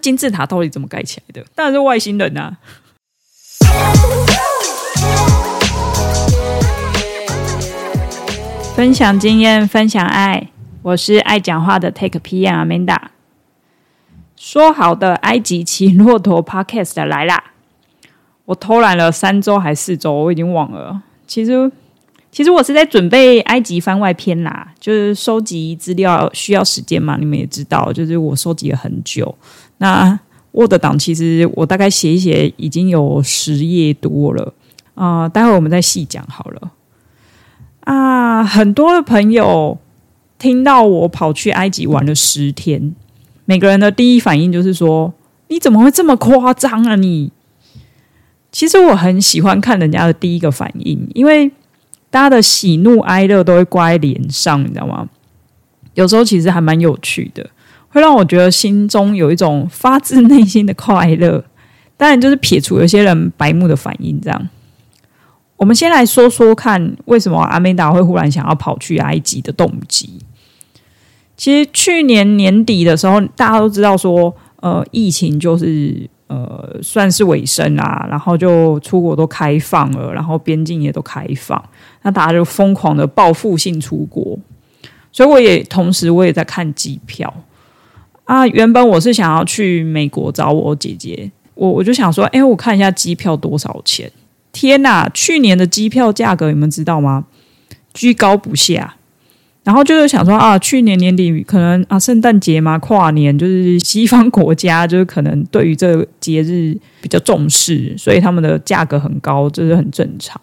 金字塔到底怎麼蓋起來的？當然是外星人啊！分享經驗，分享愛，我是愛講話的 TechPM Amanda。說好的埃及騎駱駝 Podcast 來啦，我偷懶了三週還是四週，我已經忘了。其實，其實我是在準備埃及番外篇啦，就是收集資料需要時間嘛，你們也知道，就是我收集了很久。那 Word 檔其實我大概寫一寫已經有十頁多了啊、呃，待會我們再細講好了。啊，很多的朋友聽到我跑去埃及玩了十天，每個人的第一反應就是說：你怎麼會這麼誇張啊你？你其實我很喜歡看人家的第一個反應，因為大家的喜怒哀樂都會掛在臉上，你知道嗎？有時候其實還蠻有趣的。會讓我覺得心中有一種發自內心的快樂，當然就是撇除有些人白目的反應。這樣，我們先來說說看，為什麼 Amanda 會忽然想要跑去埃及的動機？其實去年年底的時候，大家都知道說，呃，疫情就是呃算是尾聲啊，然後就出國都開放了，然後邊境也都開放，那大家就瘋狂的報復性出國，所以我也同時我也在看機票。啊，原本我是想要去美國找我姐姐，我我就想說，哎、欸，我看一下機票多少錢？天哪、啊，去年的機票價格你們知道嗎？居高不下。然後就是想說啊，去年年底可能啊，聖誕節嘛，跨年就是西方國家就是可能對於這個節日比較重視，所以他們的價格很高，這、就是很正常。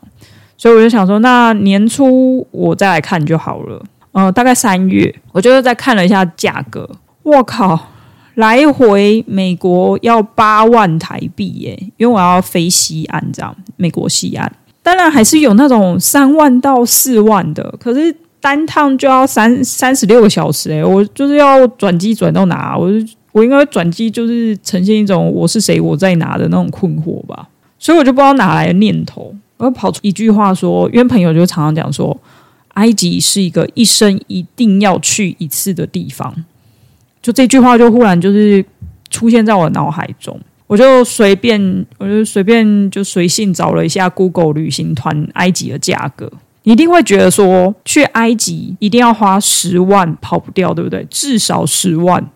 所以我就想說，那年初我再來看就好了。嗯、呃，大概三月，我就是再看了一下價格。我靠，來回美國要八萬台幣耶、欸，因為我要飛西岸，這樣，美國西岸，當然還是有那種三萬到四萬的，可是單趟就要三三十六個小時哎、欸，我就是要轉機轉到哪？我我應該轉機就是呈現一種我是誰我在哪的那種困惑吧，所以我就不知道哪來的念頭，我跑出一句話說，因為朋友就常常講說，埃及是一個一生一定要去一次的地方。就這句話就忽然就是出現在我的腦海中，我就隨便我就隨便就隨性找了一下 Google 旅行團埃及的價格，你一定會覺得說去埃及一定要花十萬跑不掉，對不對？至少十萬。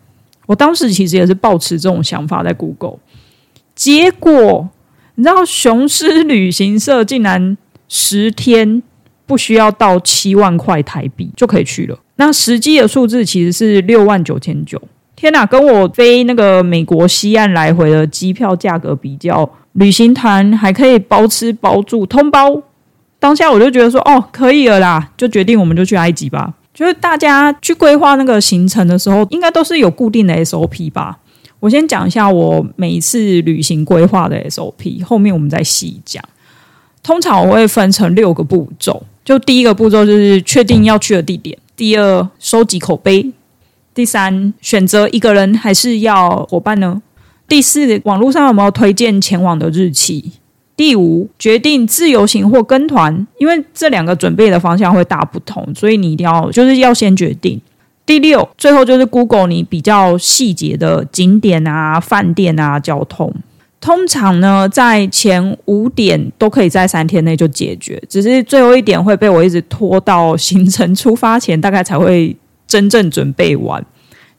我當時其實也是抱持這種想法在 Google，結果你知道雄獅旅行社竟然十天不需要到七萬塊台幣就可以去了。那實際的數字其實是六萬九千九，天哪、啊！跟我飛那個美國西岸來回的機票價格比較，旅行團還可以包吃包住通包。當下我就覺得說，哦，可以了啦，就決定我們就去埃及吧。就是大家去規劃那個行程的時候，應該都是有固定的 SOP 吧？我先講一下我每一次旅行規劃的 SOP，後面我們再細講。通常我會分成六個步驟，就第一個步驟就是確定要去的地點。第二，收集口碑；第三，選擇一個人還是要夥伴呢？第四，網絡上有沒有推薦前往的日期？第五，決定自由行或跟團，因為這兩個準備的方向會大不同，所以你一定要，就是要先決定。第六，最後就是 Google 你比較細節的景點啊、飯店啊、交通。通常呢，在前五點都可以在三天內就解決，只是最後一點會被我一直拖到行程出發前，大概才會真正準備完。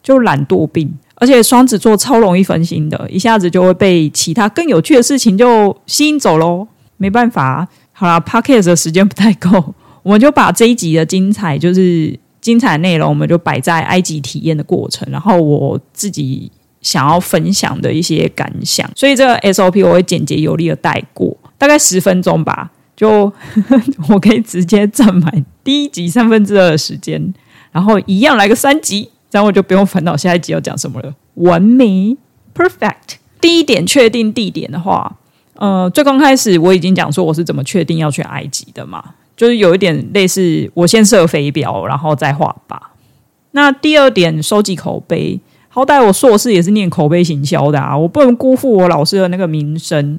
就懶惰病，而且雙子座超容易分心的，一下子就會被其他更有趣的事情就吸引走嘍。沒辦法，好啦，Podcast 的時間不太夠，我們就把這一集的精彩就是精彩內容，我們就擺在埃及體驗的過程，然後我自己。想要分享的一些感想，所以這個 SOP 我會簡潔有力的帶過，大概十分鐘吧，就 我可以直接占滿第一集三分之二的時間，然後一樣來個三集，這樣我就不用煩惱下一集要講什麼了，完美，perfect。第一點確定地點的話，呃，最剛開始我已經講說我是怎麼確定要去埃及的嘛，就是有一點類似我先設飛鏢，然後再畫靶。那第二點收集口碑。好歹我碩士也是念口碑行銷的啊，我不能辜負我老師的那個名聲，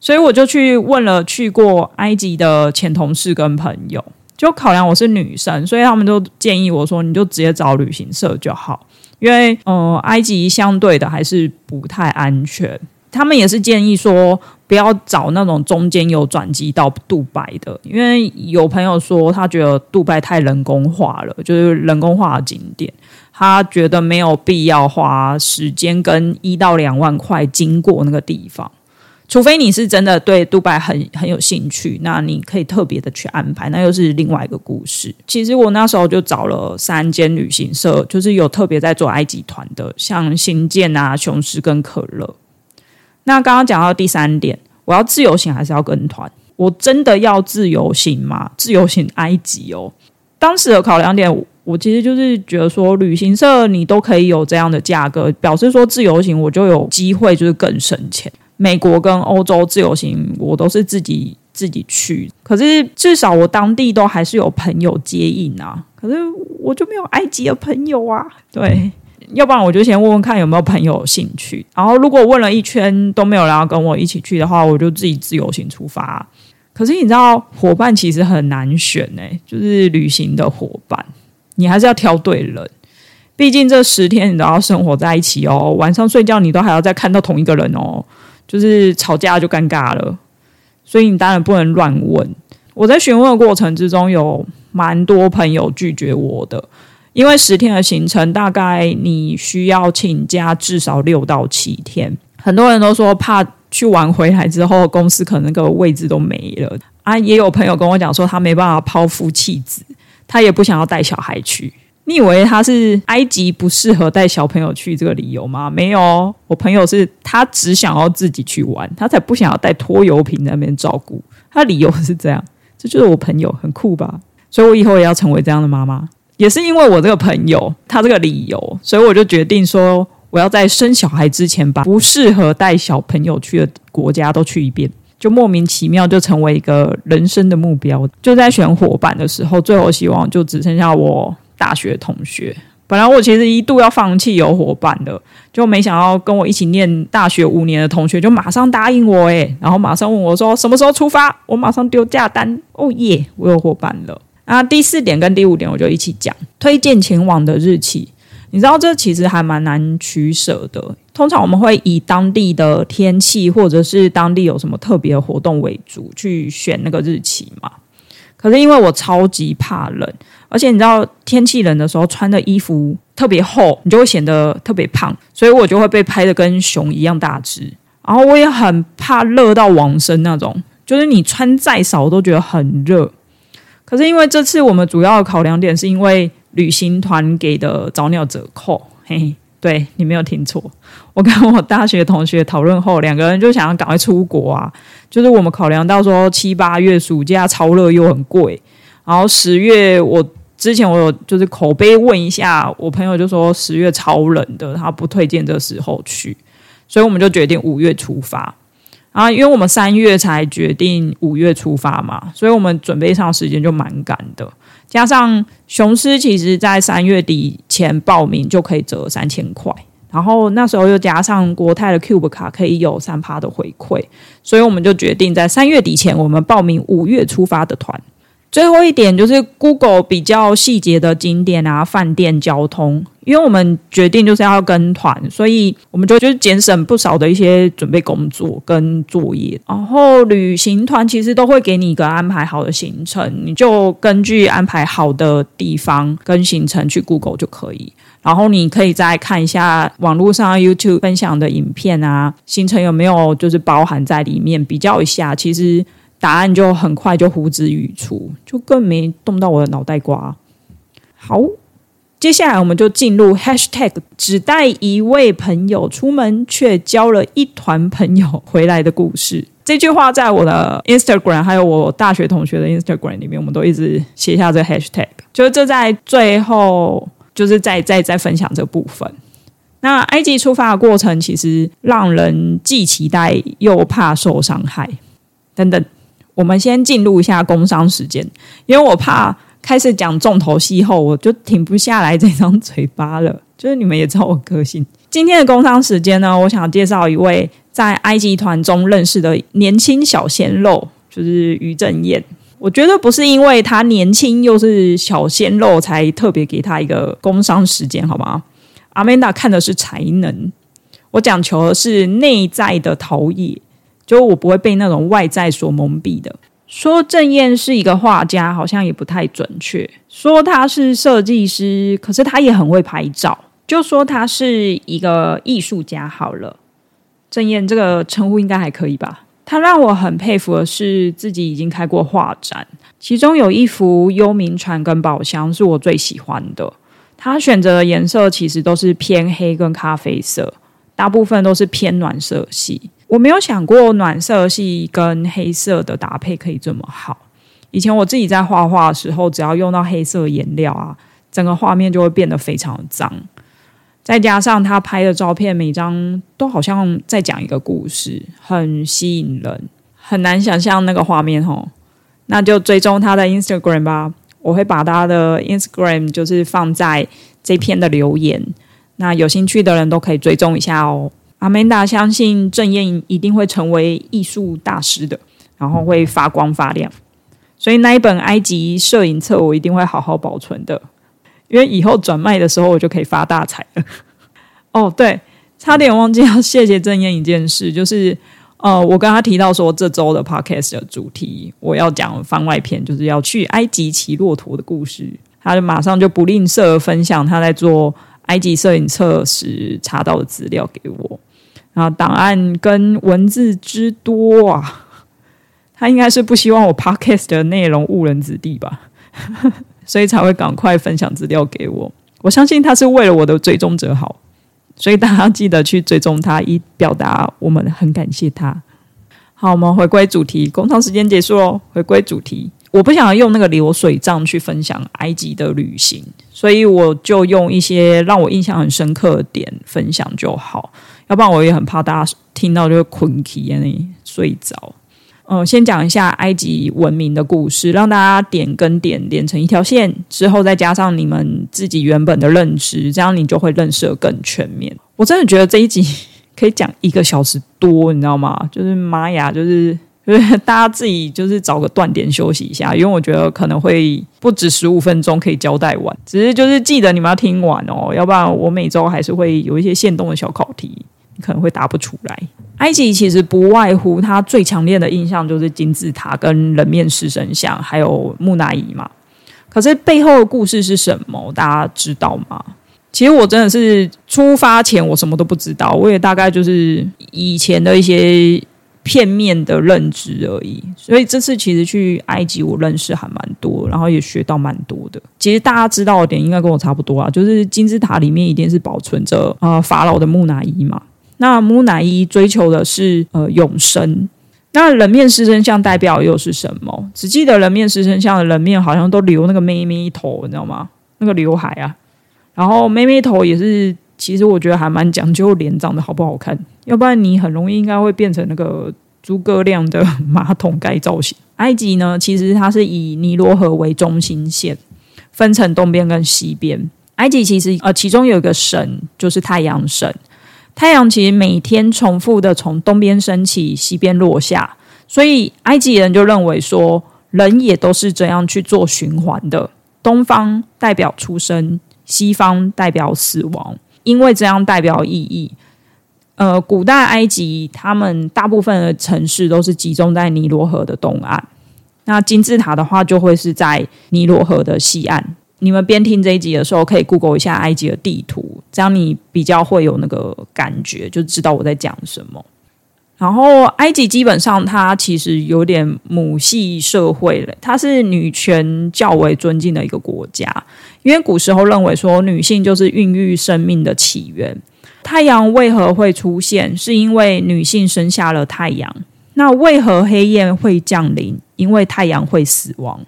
所以我就去問了去過埃及的前同事跟朋友，就考量我是女生，所以他們就建議我說，你就直接找旅行社就好，因為呃，埃及相對的還是不太安全。他們也是建議說，不要找那種中間有轉機到杜拜的，因為有朋友說他覺得杜拜太人工化了，就是人工化的景點。他覺得沒有必要花時間跟一到兩萬塊經過那個地方，除非你是真的對杜拜很很有興趣，那你可以特別的去安排，那又是另外一個故事。其實我那時候就找了三間旅行社，就是有特別在做埃及團的，像新建啊、雄獅跟可樂。那剛剛講到第三點，我要自由行還是要跟團？我真的要自由行嗎？自由行埃及哦，當時的考量點。我其實就是覺得說，旅行社你都可以有這樣的價格，表示說自由行我就有機會就是更省錢。美國跟歐洲自由行，我都是自己自己去，可是至少我當地都還是有朋友接應啊。可是我就沒有埃及的朋友啊，對，要不然我就先問問看有沒有朋友興趣。然後如果問了一圈都沒有人要跟我一起去的話，我就自己自由行出發啊。可是你知道夥伴其實很難選呢欸，就是旅行的夥伴。你還是要挑對人，畢竟這十天你都要生活在一起哦。晚上睡覺你都還要再看到同一個人哦，就是吵架就尷尬了。所以你當然不能亂問。我在詢問的過程之中，有蠻多朋友拒絕我的，因為十天的行程大概你需要請假至少六到七天。很多人都說怕去玩回來之後，公司可能那個位置都沒了啊。也有朋友跟我講說，他沒辦法拋夫棄子。他也不想要帶小孩去，你以為他是埃及不適合帶小朋友去這個理由嗎？沒有，我朋友是他只想要自己去玩，他才不想要帶拖油瓶在那邊照顧。他理由是這樣，這就是我朋友很酷吧？所以我以後也要成為這樣的媽媽，也是因為我這個朋友他這個理由，所以我就決定說，我要在生小孩之前把不適合帶小朋友去的國家都去一遍。就莫名其妙就成為一個人生的目標。就在選夥伴的時候，最後希望就只剩下我大學同學。本來我其實一度要放棄有夥伴了，就沒想到跟我一起念大學五年的同學就馬上答應我哎，然後馬上問我說什麼時候出發，我馬上丟假單，哦耶，我有夥伴了啊！第四點跟第五點我就一起講，推薦前往的日期。你知道這其實還蠻難取捨的。通常我們會以當地的天氣或者是當地有什麼特別的活動為主去選那個日期嘛。可是因為我超級怕冷，而且你知道天氣冷的時候穿的衣服特別厚，你就會顯得特別胖，所以我就會被拍得跟熊一樣大隻。然後我也很怕熱到往生那種，就是你穿再少都覺得很熱。可是因為這次我們主要的考量點是因為旅行團給的早鳥折扣，嘿，對，你沒有聽錯。我跟我大學同學討論後，兩個人就想要趕快出國啊。就是我們考量到說七八月暑假超熱又很貴，然後十月我之前我有就是口碑問一下，我朋友就說十月超冷的，他不推薦這時候去，所以我們就決定五月出發。啊，因為我們三月才決定五月出發嘛，所以我們準備上時間就蠻趕的。加上雄獅，其實在三月底前報名就可以折三千塊，然後那時候又加上國泰的 Cube 卡，可以有三趴的回饋，所以我們就決定在三月底前，我們報名五月出發的團。最後一點就是 Google 比較細節的景點啊、飯店、交通，因為我們決定就是要跟團，所以我們就就是節省不少的一些準備工作跟作業。然後旅行團其實都會給你一個安排好的行程，你就根據安排好的地方跟行程去 Google 就可以。然後你可以再看一下網絡上 YouTube 分享的影片啊，行程有沒有就是包含在裡面，比較一下，其實。答案就很快就呼之欲出，就更沒動到我的腦袋瓜。好，接下來我們就進入 hashtag，只帶一位朋友出門卻交了一團朋友回來的故事。這句話在我的 Instagram 還有我大學同學的 Instagram 裡面，我們都一直寫下這 hashtag。就是這在最後，就是在在在，在分享這部分。那埃及出發的過程，其實讓人既期待又怕受傷害等等。我們先進入一下工商時間，因為我怕開始講重頭戲後，我就停不下來這張嘴巴了。就是你們也知道我個性，今天的工商時間呢，我想介紹一位在埃及團中認識的年輕小鮮肉，就是於正燕。我覺得不是因為他年輕又是小鮮肉，才特別給他一個工商時間，好嗎？阿曼達看的是才能，我講求的是內在的投影。就我不會被那種外在所蒙蔽的。說鄭燕是一個畫家，好像也不太準確。說他是設計師，可是他也很會拍照。就說他是一個藝術家好了，鄭燕這個稱呼應該還可以吧？他讓我很佩服的是，自己已經開過畫展，其中有一幅《幽冥船》跟《寶箱》是我最喜歡的。他選擇的顏色其實都是偏黑跟咖啡色，大部分都是偏暖色系。我沒有想過暖色系跟黑色的搭配可以這麼好。以前我自己在畫畫的時候，只要用到黑色顏料啊，整個畫面就會變得非常的髒。再加上他拍的照片，每張都好像在講一個故事，很吸引人，很難想象那個畫面哦。那就追蹤他的 Instagram 吧，我會把他的 Instagram 就是放在這篇的留言。那有興趣的人都可以追蹤一下哦。阿曼達相信鄭燕一定會成為藝術大師的，然後會發光發亮。所以那一本埃及攝影冊我一定會好好保存的，因為以後轉賣的時候我就可以發大財了。 哦，對，差點忘記要謝謝鄭燕一件事，就是呃，我跟他提到說，這周的 podcast 的主題我要講番外篇，就是要去埃及騎駱駝的故事，他就馬上就不吝嗇分享他在做埃及攝影冊時查到的資料給我。啊，檔案跟文字之多啊，他應該是不希望我 podcast 的內容誤人子弟吧， 所以才會趕快分享資料給我。我相信他是為了我的追蹤者好，所以大家記得去追蹤他，以表達我們很感謝他。好，我們回歸主題，工場時間結束嘍。回歸主題，我不想要用那個流水賬去分享埃及的旅行，所以我就用一些讓我印象很深刻的點分享就好。要不然我也很怕大家聽到就會睏，啊你睡着。嗯，先講一下埃及文明的故事，讓大家點跟點連成一條線，之後再加上你們自己原本的認識，這樣你就會認識得更全面。我真的覺得這一集可以講一個小時多，你知道嗎？就是媽呀，就是就是大家自己就是找個斷點休息一下，因為我覺得可能會不止十五分鐘可以交代完，只是就是記得你們要聽完哦，要不然我每周還是會有一些限動的小考題。可能會答不出來。埃及其實不外乎它最強烈的印象就是金字塔跟人面獅身像，還有木乃伊嘛。可是背後的故事是什麼，大家知道嗎？其實我真的是出發前我什麼都不知道，我也大概就是以前的一些片面的認知而已。所以這次其實去埃及，我認識還蠻多，然後也學到蠻多的。其實大家知道的點應該跟我差不多啊，就是金字塔裡面一定是保存着啊、呃、法老的木乃伊嘛。那木乃伊追求的是呃永生，那人面獅身像代表又是什麼？只記得人面獅身像的人面好像都留那個妹妹頭，你知道嗎？那個劉海啊，然後妹妹頭也是，其實我覺得還蠻講究臉長得好不好看，要不然你很容易應該會變成那個諸葛亮的馬桶蓋造型。埃及呢，其實它是以尼羅河為中心線，分成東邊跟西邊。埃及其實呃，其中有一個神就是太陽神。太陽其實每天重複的從東邊升起，西邊落下，所以埃及人就認為說，人也都是這樣去做循環的。東方代表出生，西方代表死亡，因為這樣代表意義。呃，古代埃及他們大部分的城市都是集中在尼羅河的東岸，那金字塔的話就會是在尼羅河的西岸。你們邊聽這一集的時候，可以 Google 一下埃及的地圖，這樣你比較會有那個感覺，就知道我在講什麼。然後，埃及基本上它其實有點母系社會了，它是女權較為尊敬的一個國家，因為古時候認為說女性就是孕育生命的起源。太陽為何會出現？是因為女性生下了太陽。那為何黑夜會降臨？因為太陽會死亡。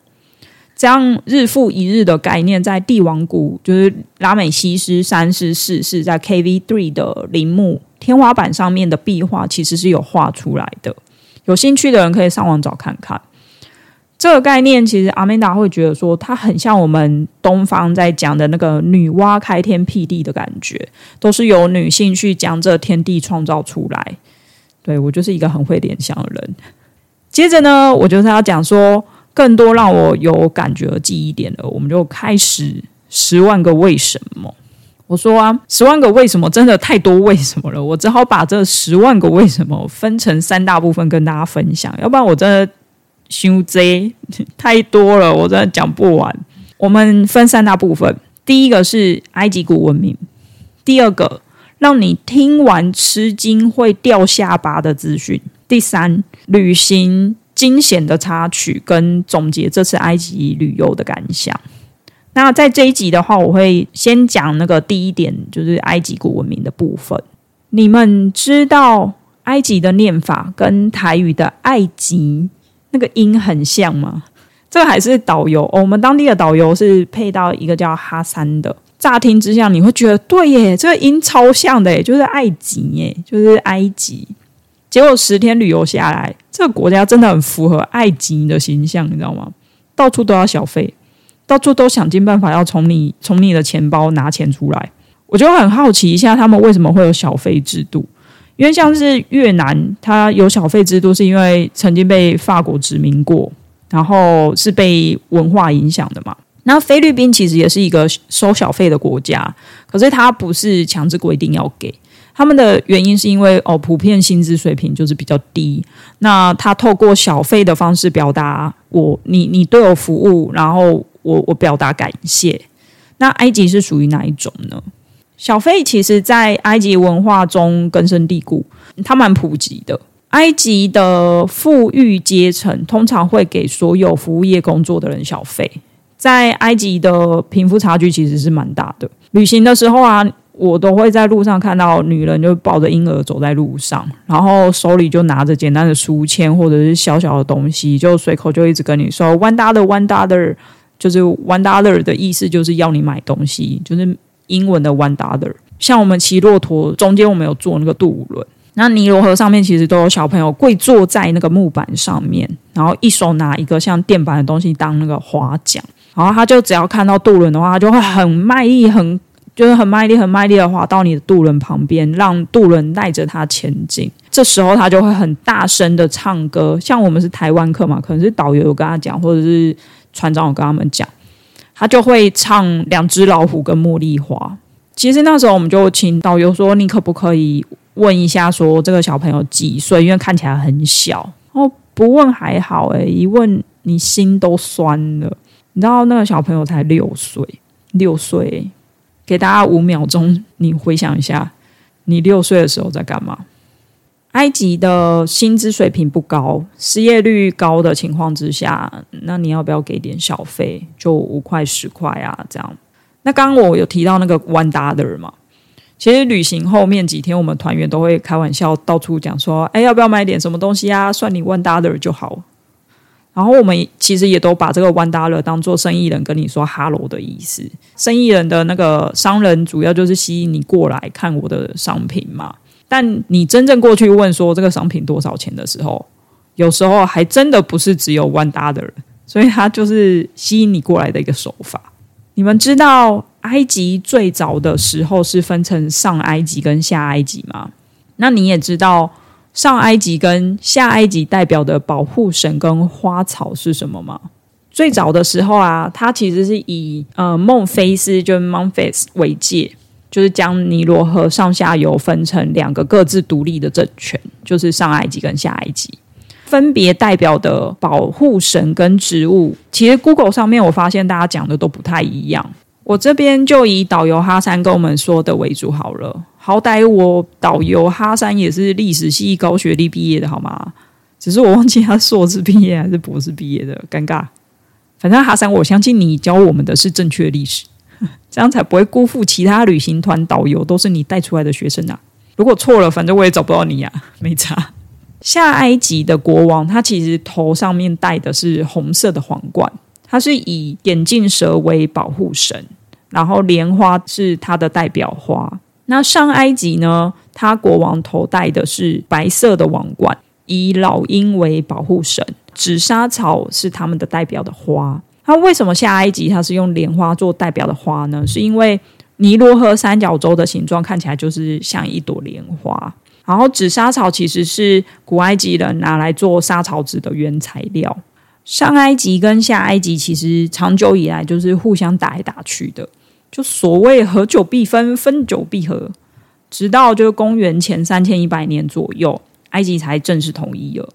這樣日復一日的概念，在帝王谷就是拉美西斯三世、四世在 KV 3的陵墓天花板上面的壁畫，其實是有畫出來的。有興趣的人可以上網找看看。這個概念，其實 Amanda 會覺得說，它很像我們東方在講的那個女媧開天闢地的感覺，都是由女性去將這天地創造出來。對，我就是一個很會聯想的人。接着呢，我就是要講說。更多讓我有感覺的記憶點的，我們就開始十萬個為什麼。我說啊，十萬個為什麼真的太多為什麼了，我只好把這十萬個為什麼分成三大部分跟大家分享。要不然我真的修 j 太多了，我真的講不完。我們分三大部分，第一個是埃及古文明，第二個讓你聽完吃驚會掉下巴的資訊，第三，旅行。驚險的插曲跟總結這次埃及旅遊的感想。那在這一集的話，我會先講那個第一點，就是埃及古文明的部分。你們知道埃及的念法跟台語的“埃及”那個音很像嗎？這個還是導遊。哦，我們當地的導遊是配到一個叫哈山的。乍聽之下，你會覺得對耶，這個音超像的耶，就是埃及耶，就是埃及。結果十天旅遊下來。這個國家真的很符合埃及的形象，你知道嗎？到處都要小費，到處都想盡辦法要從你從你的錢包拿錢出來。我就很好奇一下，他們為什麼會有小費制度？因為像是越南，它有小費制度是因為曾經被法國殖民過，然後是被文化影響的嘛。那菲律賓其實也是一個收小費的國家，可是它不是強制規定要給。他們的原因是因為哦，普遍薪資水平就是比較低。那他透過小費的方式表達我，你你對我服務，然後我，我表達感謝。那埃及是屬於哪一種呢？小費其實，在埃及文化中根深蒂固，它蠻普及的。埃及的富裕階層通常會給所有服務業工作的人小費。在埃及的貧富差距其實是蠻大的。旅行的時候啊。我都會在路上看到女人就抱着嬰兒走在路上，然後手裡就拿着簡單的書籤或者是小小的東西，就隨口就一直跟你說 one dollar one dollar，就是 one dollar 的意思就是要你買東西，就是英文的 one dollar。像我們騎駱駝中間，我們有坐那個渡輪，那尼羅河上面其實都有小朋友跪坐在那個木板上面，然後一手拿一個像墊板的東西當那個划槳，然後他就只要看到渡輪的話，他就會很賣力很。就是很賣力、很賣力的劃到你的渡輪旁邊，讓渡輪帶着他前進。這時候他就會很大聲的唱歌。像我們是台灣客嘛，可能是導遊有跟他講，或者是船長有跟他們講，他就會唱《兩隻老虎》跟《茉莉花》。其實那時候我們就請導遊說：“你可不可以問一下，說這個小朋友幾歲？因為看起來很小。”哦，不問還好，誒，一問你心都酸了。你知道那個小朋友才六歲，六歲。給大家五秒鐘，你回想一下，你六歲的時候在幹嘛？埃及的薪資水平不高，失業率高的情況之下，那你要不要給點小費？就五塊十塊啊，這樣。那剛剛我有提到那個 One Dollar 嘛。其實旅行後面幾天，我們團員都會開玩笑，到處講說：“哎，要不要買點什麼東西啊？算你 One Dollar 就好。然後我們其實也都把這個萬 l e 當做生意人跟你說哈嘍的意思，生意人的那個商人主要就是吸引你過來看我的商品嘛。但你真正過去問說這個商品多少錢的時候，有時候還真的不是只有萬達的人，所以它就是吸引你過來的一個手法。你們知道埃及最早的時候是分成上埃及跟下埃及嗎？那你也知道，上埃及跟下埃及代表的保護神跟花草是什麼嗎？最早的時候啊，它其實是以呃孟菲斯就 m u m f 為界，就是將尼羅河上下游分成兩個各自獨立的政權，就是上埃及跟下埃及，分別代表的保護神跟植物。其實 Google 上面我發現大家講的都不太一樣，我這邊就以導遊哈桑跟我們說的為主好了。好歹我導遊哈山也是歷史系高學歷畢業的，好嗎？只是我忘記他碩士畢業還是博士畢業的，尷尬。反正哈山，我相信你教我們的是正確歷史，這樣才不會辜負其他旅行團導遊都是你帶出來的學生啊。如果錯了，反正我也找不到你呀，啊，沒差。下埃及的國王，他其實頭上面戴的是紅色的皇冠，他是以眼鏡蛇為保護神，然後蓮花是他的代表花。那上埃及呢？它國王頭戴的是白色的王冠，以老鷹為保護神，紙莎草是他們的代表的花。那、啊、為什麼下埃及它是用蓮花做代表的花呢？是因為尼羅河三角洲的形狀看起來就是像一朵蓮花。然後紙莎草其實是古埃及人拿來做莎草紙的原材料。上埃及跟下埃及其實長久以來就是互相打來打去的。就所謂合久必分，分久必合，直到就是公元前三千一百年左右，埃及才正式統一了。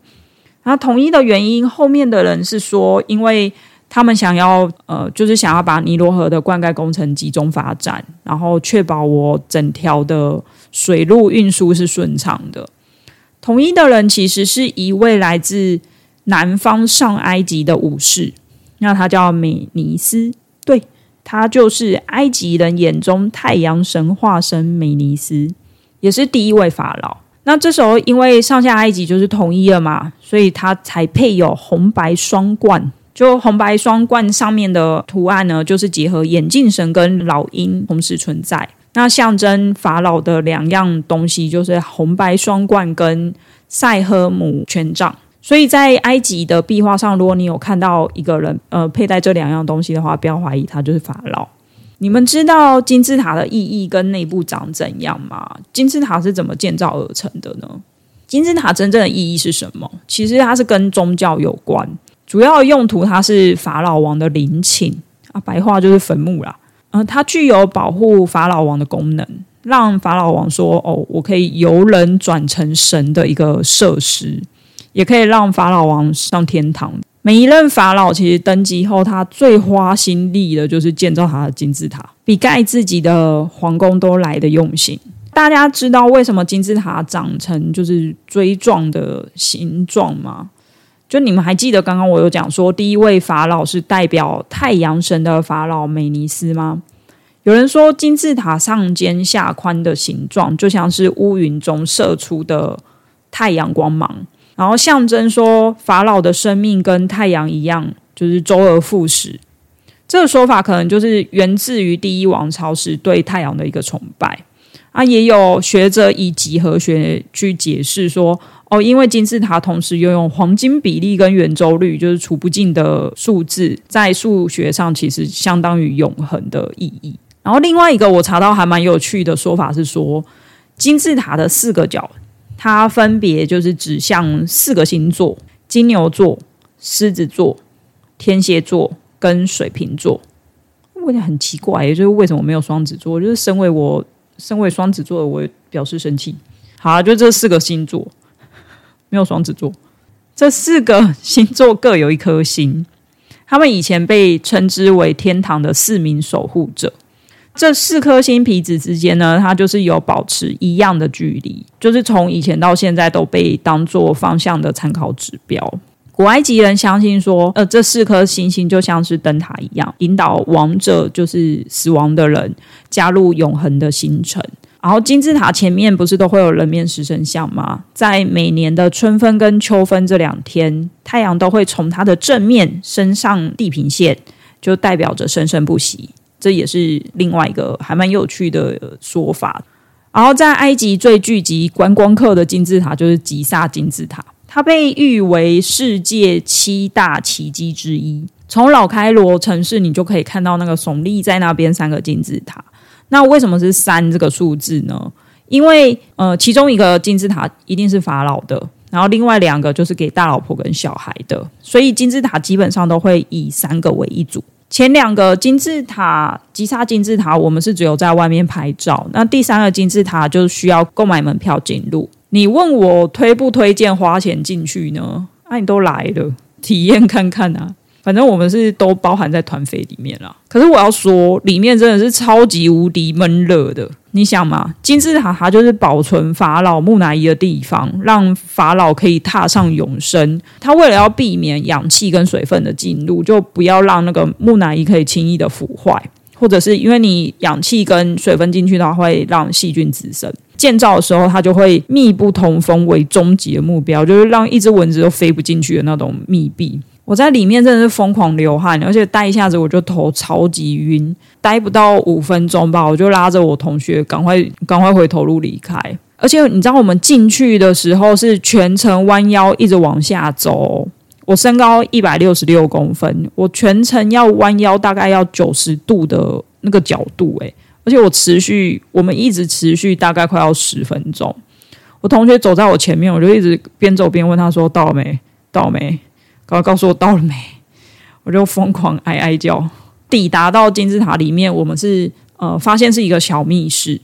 那統一的原因，後面的人是說，因為他們想要呃，就是想要把尼羅河的灌溉工程集中發展，然後確保我整條的水路運輸是順暢的。統一的人其實是一位來自南方上埃及的武士，那他叫美尼斯，對。他就是埃及人眼中太陽神化身美尼斯，也是第一位法老。那這時候因為上下埃及就是統一了嘛，所以他才配有紅白雙冠。就紅白雙冠上面的圖案呢，就是結合眼鏡神跟老鷹同時存在。那象徵法老的兩樣東西就是紅白雙冠跟塞赫姆權杖。所以在埃及的壁畫上，如果你有看到一個人呃佩戴這兩樣東西的話，不要懷疑，他就是法老。你們知道金字塔的意義跟內部長怎樣嗎？金字塔是怎麼建造而成的呢？金字塔真正的意義是什麼？其實它是跟宗教有關，主要的用途它是法老王的陵寢啊，白話就是墳墓啦。嗯、呃，它具有保護法老王的功能，讓法老王說：“哦，我可以由人轉成神的一個設施。”也可以讓法老王上天堂。每一任法老其實登基後，他最花心力的就是建造他的金字塔，比蓋自己的皇宮都來得用心。大家知道為什麼金字塔長成就是錐狀的形狀嗎？就你們還記得剛剛我有講說，第一位法老是代表太陽神的法老美尼斯嗎？有人說，金字塔上尖下寬的形狀，就像是烏雲中射出的太陽光芒。然後象徵說法老的生命跟太陽一樣，就是周而復始。這個說法可能就是源自於第一王朝時對太陽的一個崇拜啊。也有學者以幾何學去解釋說，哦，因為金字塔同時擁有黃金比例跟圓周率，就是除不盡的數字，在數學上其實相當於永恆的意義。然後另外一個我查到還蠻有趣的說法是說，金字塔的四個角，它分別就是指向四個星座：金牛座、獅子座、天蠍座跟水瓶座。我覺得很奇怪，也就是為什麼我沒有雙子座？就是身為我，身為雙子座的我表示生氣。好啊，就這四個星座沒有雙子座。這四個星座各有一顆星，他們以前被稱之為天堂的四名守護者。這四顆星彼此之間呢，它就是有保持一樣的距離，就是從以前到現在都被當做方向的參考指標。古埃及人相信說，呃，這四顆星星就像是燈塔一樣，引導亡者就是死亡的人加入永恆的星辰。然後金字塔前面不是都會有人面獅身像嗎？在每年的春分跟秋分這兩天，太陽都會從它的正面升上地平線，就代表着生生不息。這也是另外一個還蠻有趣的說法。然後，在埃及最聚集觀光客的金字塔就是吉薩金字塔，它被譽為世界七大奇蹟之一。從老開羅城市，你就可以看到那個聳立在那邊三個金字塔。那為什麼是三這個數字呢？因為呃，其中一個金字塔一定是法老的，然後另外兩個就是給大老婆跟小孩的，所以金字塔基本上都會以三個為一組。前兩個金字塔，吉薩金字塔，我們是只有在外面拍照。那第三個金字塔，就需要購買門票進入。你問我推不推薦花錢進去呢？那、啊、你都來了，體驗看看啊。反正我們是都包含在團費裡面了，可是我要說，裡面真的是超級無敵悶熱的。你想嘛，金字塔它就是保存法老木乃伊的地方，讓法老可以踏上永生。它為了要避免氧氣跟水分的進入，就不要讓那個木乃伊可以輕易的腐壞，或者是因為你氧氣跟水分進去，它會讓細菌滋生。建造的時候，它就會密不通風，為終極的目標就是讓一隻蚊子都飛不進去的那種密閉。我在裡面真的是瘋狂流汗，而且待一下子我就頭超級暈，待不到五分鐘吧，我就拉着我同學趕快趕快回頭路離開。而且你知道我們進去的時候是全程彎腰一直往下走，我身高一百六十六公分，我全程要彎腰大概要九十度的那個角度，欸，誒，而且我持續我們一直持續大概快要十分鐘，我同學走在我前面，我就一直邊走邊問他說到沒到沒。告告訴我到了沒？我就瘋狂哀哀叫。抵達到金字塔裡面，我們是呃發現是一個小密室，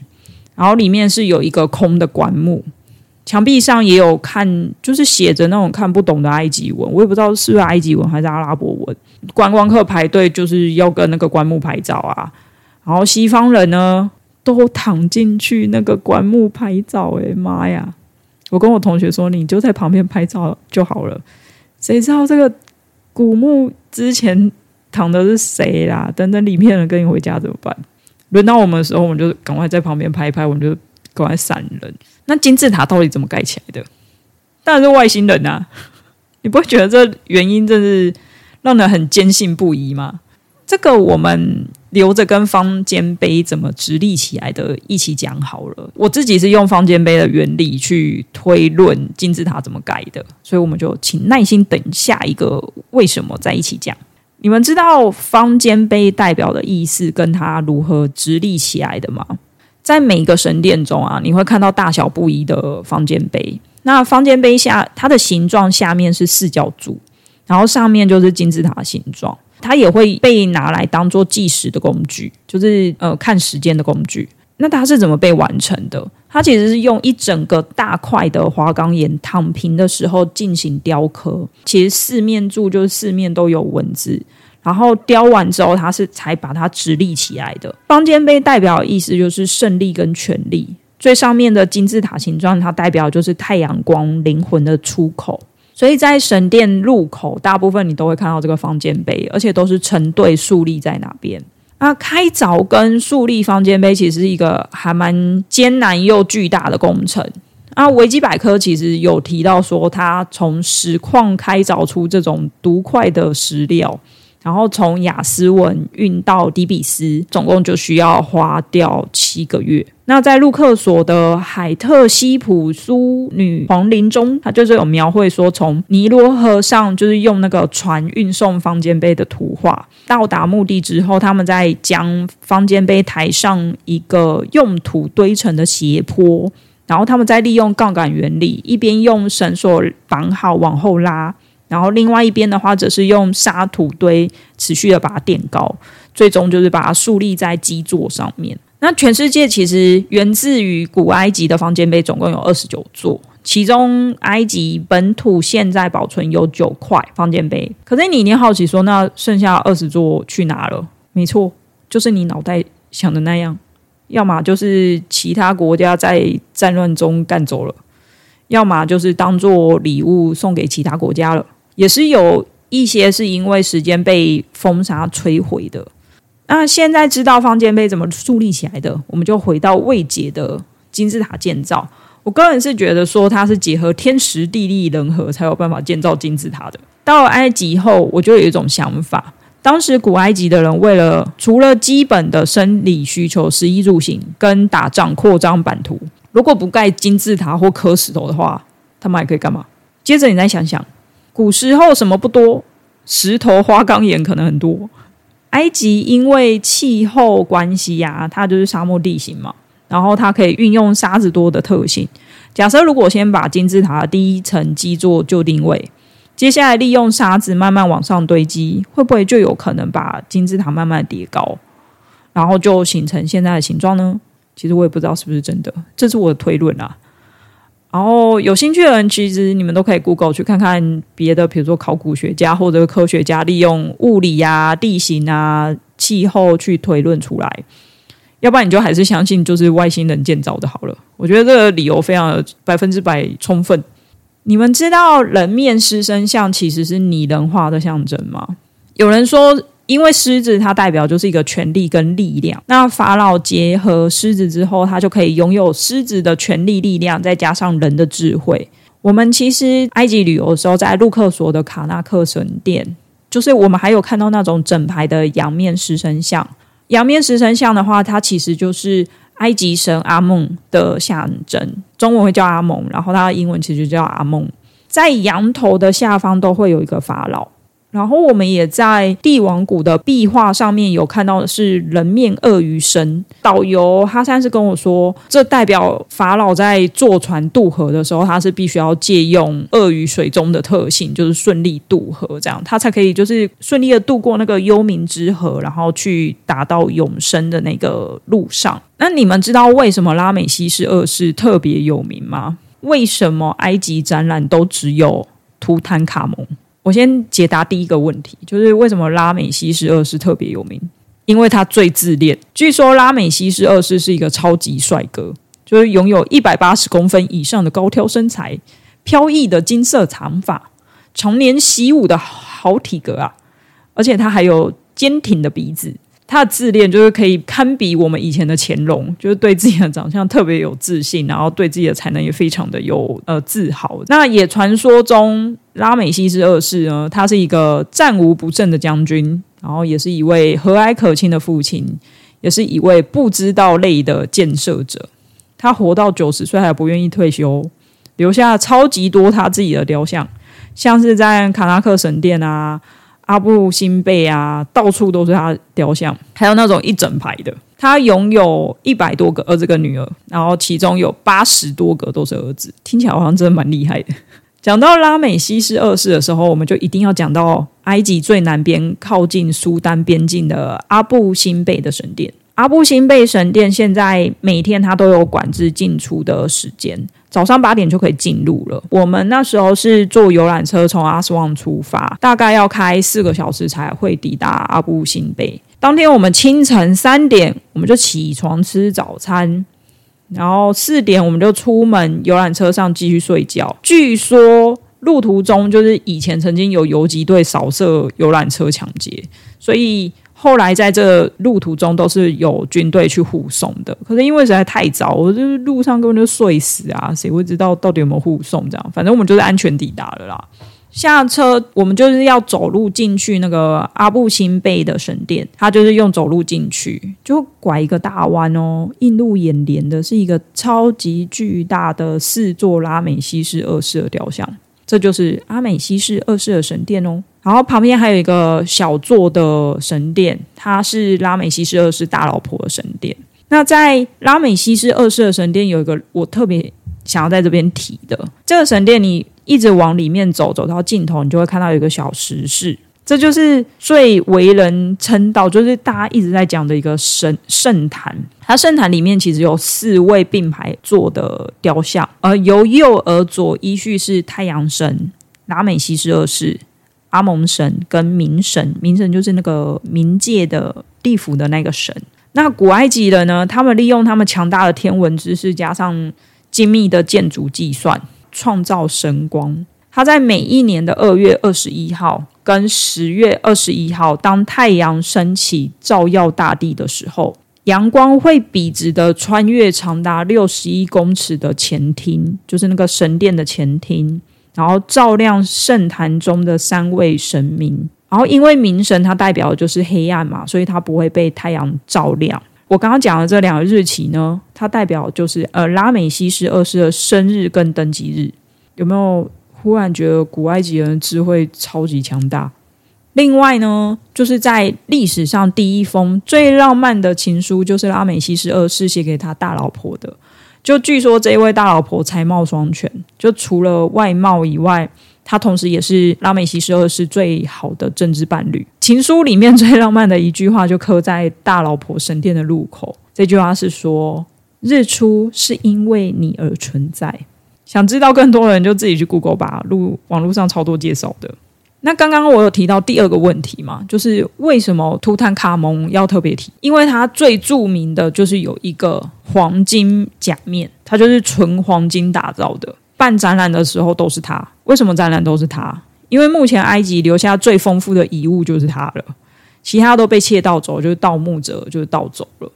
然後裡面是有一個空的棺木，牆壁上也有看就是寫着那種看不懂的埃及文，我也不知道是不是埃及文還是阿拉伯文。觀光客排隊就是要跟那個棺木拍照啊，然後西方人呢都躺進去那個棺木拍照，欸，哎媽呀！我跟我同學說，你就在旁邊拍照就好了。誰知道這個古墓之前躺的是誰啦？等等，裡面的人跟你回家怎麼辦？輪到我們的時候，我們就趕快在旁邊拍一拍，我們就趕快閃人。那金字塔到底怎麼蓋起來的？當然是外星人啊！你不會覺得這原因真的是讓人很堅信不疑嗎？這個我們。留着跟方尖碑怎麼直立起來的一起講好了。我自己是用方尖碑的原理去推論金字塔怎麼蓋的，所以我們就請耐心等下一個為什麼再一起講。你們知道方尖碑代表的意思，跟它如何直立起來的嗎？在每一個神殿中啊，你會看到大小不一的方尖碑。那方尖碑下它的形狀下面是四角柱，然後上面就是金字塔形狀。它也會被拿來當做計時的工具，就是呃看時間的工具。那它是怎麼被完成的？它其實是用一整個大塊的花崗岩躺平的時候進行雕刻。其實四面柱就是四面都有文字。然後雕完之後，它是才把它直立起來的。方尖碑代表的意思就是勝利跟權力。最上面的金字塔形狀，它代表就是太陽光靈魂的出口。所以在神殿入口，大部分你都會看到這個方尖碑，而且都是成對豎立在那邊。啊，開鑿跟豎立方尖碑其實是一個還蠻艱難又巨大的工程。啊，維基百科其實有提到說，它從石礦開鑿出這種獨塊的石料，然後從亞斯文運到底比斯，總共就需要花掉七個月。那在路克索的海特西普蘇女皇陵中，它就是有描繪說，從尼羅河上就是用那個船運送方尖碑的圖畫。到達墓地之後，他們再將方尖碑抬上一個用土堆成的斜坡，然後他們再利用槓桿原理，一邊用繩索綁好往後拉。然後另外一邊的話，則是用沙土堆持續的把它墊高，最終就是把它樹立在基座上面。那全世界其實源自於古埃及的方尖碑，總共有二十九座，其中埃及本土現在保存有九塊方尖碑。可是你一定好奇說，那剩下二十座去哪了？沒錯，就是你腦袋想的那樣，要麼就是其他國家在戰亂中幹走了，要麼就是當做禮物送給其他國家了。也是有一些是因為時間被風沙摧毀的。那現在知道方尖碑怎麼樹立起來的，我們就回到未解的金字塔建造。我個人是覺得說它是結合天時地利人和才有辦法建造金字塔的。到了埃及後，我就有一種想法：當時古埃及的人為了除了基本的生理需求、食衣住行跟打仗擴張版圖，如果不蓋金字塔或刻石頭的話，他們還可以幹嘛？接着你再想想。古時候什麼不多，石頭花崗岩可能很多。埃及因為氣候關係呀、啊，它就是沙漠地形嘛，然後它可以運用沙子多的特性。假設如果先把金字塔第一層基座就定位，接下來利用沙子慢慢往上堆積，會不會就有可能把金字塔慢慢疊高，然後就形成現在的形狀呢？其實我也不知道是不是真的，這是我的推論啊。然後有興趣的人，其實你們都可以 Google 去看看別的，比如說考古學家或者科學家利用物理呀、啊、地形啊、氣候去推論出來。要不然你就還是相信就是外星人建造的好了。我覺得這個理由非常的百分之百充分。你們知道人面獅身像其實是擬人化的象徵嗎？有人說。因為獅子它代表就是一個權力跟力量，那法老結合獅子之後，他就可以擁有獅子的權力力量，再加上人的智慧。我們其實埃及旅遊的時候，在路克索的卡納克神殿，就是我們還有看到那種整排的羊面獅身像。羊面獅身像的話，它其實就是埃及神阿蒙的象徵，中文會叫阿蒙，然後它的英文其實就叫阿蒙。在羊頭的下方都會有一個法老。然後我們也在帝王谷的壁畫上面有看到的是人面鱷魚身，導遊哈桑是跟我說，這代表法老在坐船渡河的時候，他是必須要借用鱷魚水中的特性，就是順利渡河，這樣他才可以就是順利的渡過那個幽冥之河，然後去達到永生的那個路上。那你們知道為什麼拉美西斯二世特別有名嗎？為什麼埃及展覽都只有圖坦卡蒙？我先解答第一個問題，就是為什麼拉美西斯二世特別有名？因為他最自戀。據說拉美西斯二世是一個超級帥哥，就是擁有一百八十公分以上的高挑身材，飄逸的金色長髮，常年習武的好體格啊，而且他還有堅挺的鼻子。他的自戀就是可以堪比我們以前的乾隆，就是對自己的長相特別有自信，然後對自己的才能也非常的有呃自豪。那也傳說中拉美西斯二世呢，他是一個戰無不勝的將軍，然後也是一位和藹可親的父親，也是一位不知道累的建設者。他活到九十歲還不願意退休，留下超級多他自己的雕像，像是在卡納克神殿啊。阿布辛貝啊，到處都是他的雕像，還有那種一整排的。他擁有一百多個兒子跟女兒，然後其中有八十多個都是兒子，聽起來好像真的蠻厲害的。講到拉美西斯二世的時候，我們就一定要講到埃及最南邊靠近蘇丹邊境的阿布辛貝的神殿。阿布辛貝神殿現在每天它都有管制進出的時間。早上八點就可以進入了。我們那時候是坐遊覽車從阿斯旺出發，大概要開四個小時才會抵達阿布辛貝。當天我們清晨三點我們就起床吃早餐，然後四點我們就出門，遊覽車上繼續睡覺。據說路途中就是以前曾經有游擊隊掃射遊覽車搶劫，所以。後來在這個路途中都是有軍隊去護送的，可是因為實在太早，我就是路上根本就睡死啊！誰會知道到底有沒有護送？這樣，反正我們就是安全抵達了啦。下車，我們就是要走路進去那個阿布辛貝的神殿，他就是用走路進去，就拐一個大彎哦，映入眼簾的是一個超級巨大的四座拉美西斯二世的雕像。這就是拉美西斯二世的神殿哦，然後旁邊還有一個小座的神殿，它是拉美西斯二世大老婆的神殿。那在拉美西斯二世的神殿有一個我特別想要在這邊提的，這個神殿你一直往裡面走，走到盡頭，你就會看到有一個小石室。這就是最為人稱道，就是大家一直在講的一個神聖壇。它聖壇裡面其實有四位並排坐的雕像，而、呃、由右而左依序是太陽神拉美西斯二世、阿蒙神跟冥神。冥神就是那個冥界的地府的那個神。那古埃及人呢，他們利用他們強大的天文知識，加上精密的建築計算，創造神光。他在每一年的二月二十一號。跟十月二十一號，當太陽升起照耀大地的時候，陽光會筆直的穿越長達六十一公尺的前廳，就是那個神殿的前廳，然後照亮聖壇中的三位神明。然後因為冥神它代表的就是黑暗嘛，所以它不會被太陽照亮。我剛剛講的這兩個日期呢，它代表就是呃拉美西斯二世的生日跟登基日，有沒有？忽然覺得古埃及人的智慧超級強大。另外呢，就是在歷史上第一封最浪漫的情書，就是拉美西斯二世寫給他大老婆的。就據說這位大老婆才貌雙全，就除了外貌以外，她同時也是拉美西斯二世最好的政治伴侶。情書裡面最浪漫的一句話，就刻在大老婆神殿的入口。這句話是說：日出是因為你而存在。想知道更多的人就自己去 Google 吧，錄，網絡上超多介紹的。那剛剛我有提到第二個問題嘛，就是為什麼圖坦卡蒙要特別提？因為它最著名的就是有一個黃金假面，它就是純黃金打造的。辦展覽的時候都是它，為什麼展覽都是它？因為目前埃及留下最豐富的遺物就是它了，其他都被竊盜走，就是盜墓者就是盜走了。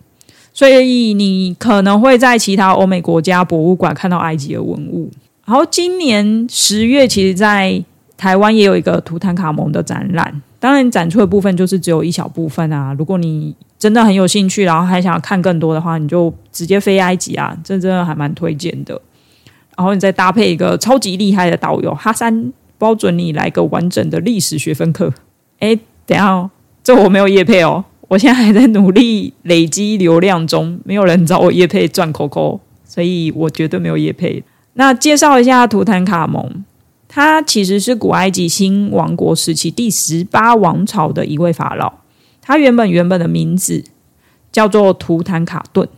所以你可能會在其他歐美國家博物館看到埃及的文物。然後今年十月，其實在台灣也有一個圖坦卡蒙的展覽。當然展出的部分就是只有一小部分啊。如果你真的很有興趣，然後還想看更多的話，你就直接飛埃及啊，這真的還蠻推薦的。然後你再搭配一個超級厲害的導遊哈三，包準你來個完整的歷史學分課。哎，等一下，哦，這我沒有業配哦。我現在還在努力累積流量中，沒有人找我業配賺摳摳，所以我絕對沒有業配。那介紹一下圖坦卡蒙，他其實是古埃及新王國時期第十八王朝的一位法老。他原本原本的名字叫做圖坦卡頓，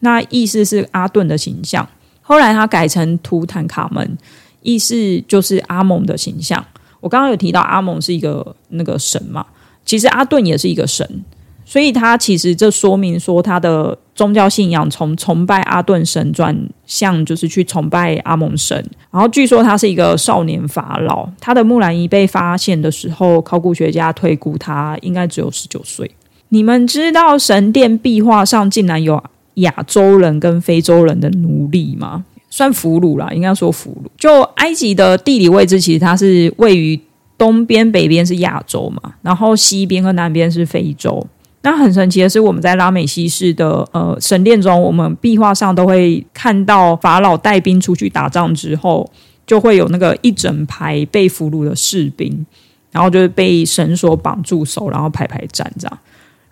那意思是阿頓的形象。後來他改成圖坦卡門，意思就是阿蒙的形象。我剛剛有提到阿蒙是一個那個神嘛，其實阿頓也是一個神。所以他其實這說明說他的宗教信仰從崇拜阿頓神轉向，就是去崇拜阿蒙神。然後據說他是一個少年法老，他的木乃伊被發現的時候，考古學家推估他應該只有十九歲。你們知道神殿壁畫上竟然有亞洲人跟非洲人的奴隸嗎？算俘虜啦，應該說俘虜。就埃及的地理位置，其實它是位於東邊，北邊是亞洲嘛，然後西邊和南邊是非洲。那很神奇的是，我們在拉美西斯的呃神殿中，我們壁畫上都會看到法老帶兵出去打仗之後，就會有那個一整排被俘虜的士兵，然後就是被繩索綁住手，然後排排站這樣。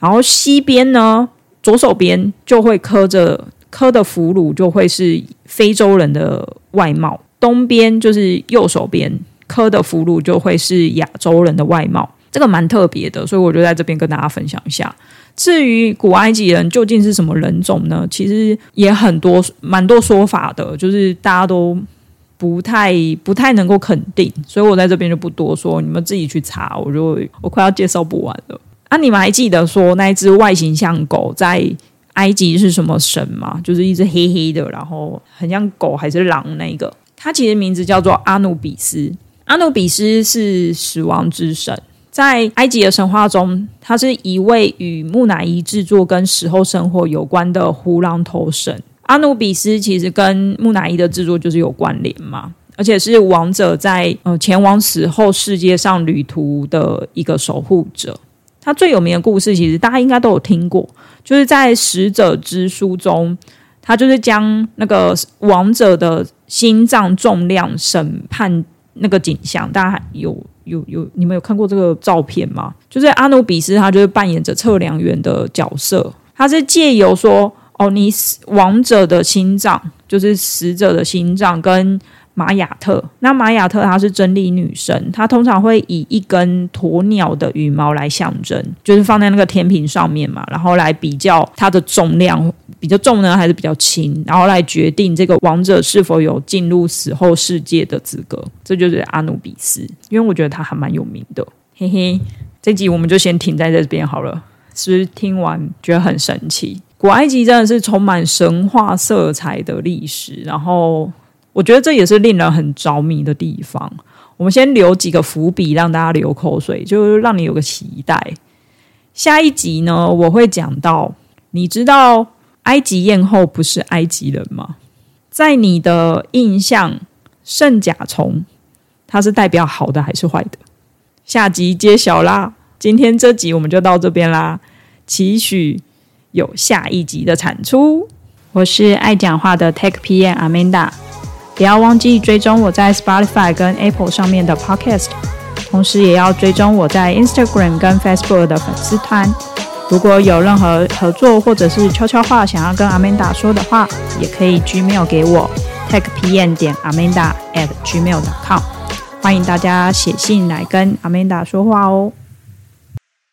然後西邊呢，左手邊就會刻着刻的俘虜，就會是非洲人的外貌；東邊就是右手邊刻的俘虜，就會是亞洲人的外貌。這個蠻特別的，所以我就在這邊跟大家分享一下。至於古埃及人究竟是什麼人種呢？其實也很多，蠻多說法的，就是大家都不太不太能夠肯定，所以我在這邊就不多說，你們自己去查。我就我快要介紹不完了。啊，你們還記得說那一隻外形像狗在埃及是什麼神嗎？就是一隻黑黑的，然後很像狗還是狼那個，它其實名字叫做阿努比斯。阿努比斯是死亡之神。在埃及的神話中，他是一位與木乃伊制作跟死後生活有關的胡狼頭神阿努比斯。其實跟木乃伊的制作就是有關聯嘛，而且是王者在呃前往死後世界上旅途的一個守護者。他最有名的故事，其實大家應該都有聽過，就是在《死者之書》中，他就是將那個王者的心臟重量審判那個景象，大家還有？有有，你們有看過這個照片嗎？就是阿努比斯，他就是扮演着測量員的角色。他是借由說，哦，你死王者的心臟就是死者的心臟，跟瑪雅特。那瑪雅特她是真理女神，她通常會以一根鴕鳥的羽毛來象徵，就是放在那個天平上面嘛，然後來比較它的重量。比較重呢，還是比較輕？然後來決定這個王者是否有進入死後世界的資格。這就是阿努比斯，因為我覺得他還蠻有名的。嘿嘿，這集我們就先停在這邊好了。是不是聽完覺得很神奇？古埃及真的是充滿神話色彩的歷史。然後，我覺得這也是令人很着迷的地方。我們先留幾個伏筆，讓大家流口水，就是讓你有個期待。下一集呢，我會講到，你知道。埃及艷後不是埃及人嗎？在你的印象，聖甲蟲它是代表好的還是壞的？下集揭曉啦！今天這集我們就到這邊啦，期許有下一集的產出。我是愛講話的 Tech PM Amanda，不要忘記追蹤我在 Spotify 跟 Apple 上面的 Podcast，同時也要追蹤我在 Instagram 跟 Facebook 的粉絲團。如果有任何合作或者是悄悄話想要跟 Amanda 說的話，也可以 Gmail 給我，techpm 點 amanda at gmail.com，歡迎大家寫信來跟 Amanda 說話哦。